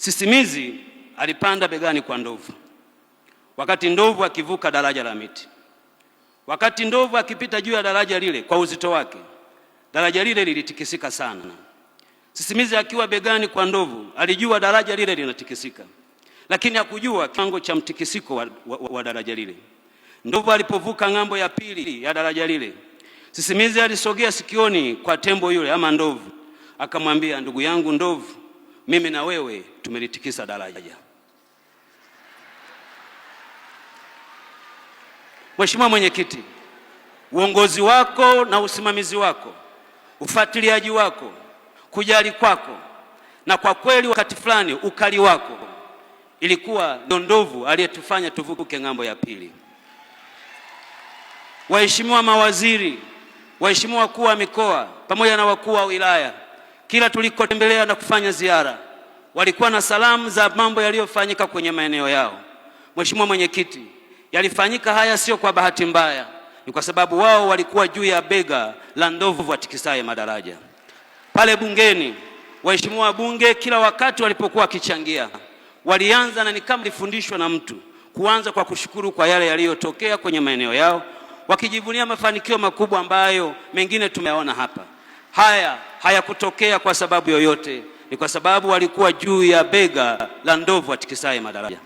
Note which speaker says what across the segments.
Speaker 1: Sisimizi alipanda begani kwa ndovu, wakati ndovu akivuka daraja la miti. Wakati ndovu akipita juu ya daraja lile kwa uzito wake, daraja lile lilitikisika sana. Sisimizi akiwa begani kwa ndovu alijua daraja lile linatikisika, lakini hakujua kiwango cha mtikisiko wa, wa, wa daraja lile. Ndovu alipovuka ng'ambo ya pili ya daraja lile, sisimizi alisogea sikioni kwa tembo yule ama ndovu, akamwambia, ndugu yangu ndovu mimi na wewe tumelitikisa daraja. Mheshimiwa Mwenyekiti, uongozi wako na usimamizi wako, ufuatiliaji wako, kujali kwako na kwa kweli wakati fulani ukali wako ilikuwa ndio ndovu aliyetufanya tuvuke ng'ambo ya pili. Waheshimiwa mawaziri, waheshimiwa wakuu wa mikoa pamoja na wakuu wa wilaya kila tulikotembelea na kufanya ziara, walikuwa na salamu za mambo yaliyofanyika kwenye maeneo yao. Mheshimiwa Mwenyekiti, yalifanyika haya sio kwa bahati mbaya, ni kwa sababu wao walikuwa juu ya bega la ndovu atikisaye madaraja. Pale bungeni, waheshimiwa wabunge kila wakati walipokuwa wakichangia, walianza na ni kama walifundishwa na mtu, kuanza kwa kushukuru kwa yale yaliyotokea kwenye maeneo yao, wakijivunia mafanikio makubwa ambayo mengine tumeyaona hapa. Haya hayakutokea kwa sababu yoyote, ni kwa sababu walikuwa juu ya bega la ndovu atikisaye madaraja.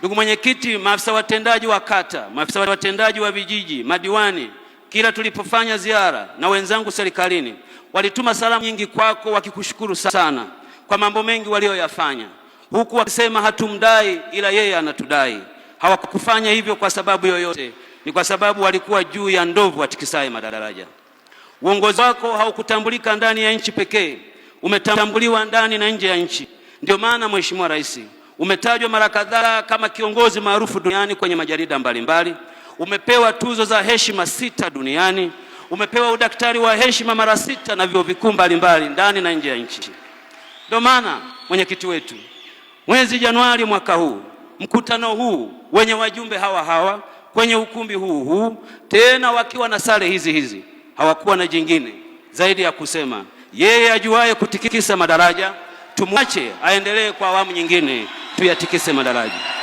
Speaker 1: Ndugu mwenyekiti, maafisa watendaji wa kata, maafisa watendaji wa vijiji, madiwani, kila tulipofanya ziara na wenzangu serikalini, walituma salamu nyingi kwako wakikushukuru sana kwa mambo mengi walioyafanya, huku wakisema hatumdai ila yeye anatudai. Hawakufanya hivyo kwa sababu yoyote, ni kwa sababu walikuwa juu ya ndovu atikisaye madaraja. Uongozi wako haukutambulika ndani ya nchi pekee, umetambuliwa ndani na nje ya nchi. Ndio maana Mheshimiwa Rais, umetajwa mara kadhaa kama kiongozi maarufu duniani kwenye majarida mbalimbali, umepewa tuzo za heshima sita duniani, umepewa udaktari wa heshima mara sita na vyuo vikuu mbalimbali ndani na nje ya nchi. Ndio maana mwenyekiti wetu, mwezi Januari mwaka huu, mkutano huu wenye wajumbe hawa hawa kwenye ukumbi huu huu, tena wakiwa na sare hizi hizi hawakuwa na jingine zaidi ya kusema yeye ajuaye kutikisa madaraja tumwache aendelee kwa awamu nyingine, tuyatikise madaraja.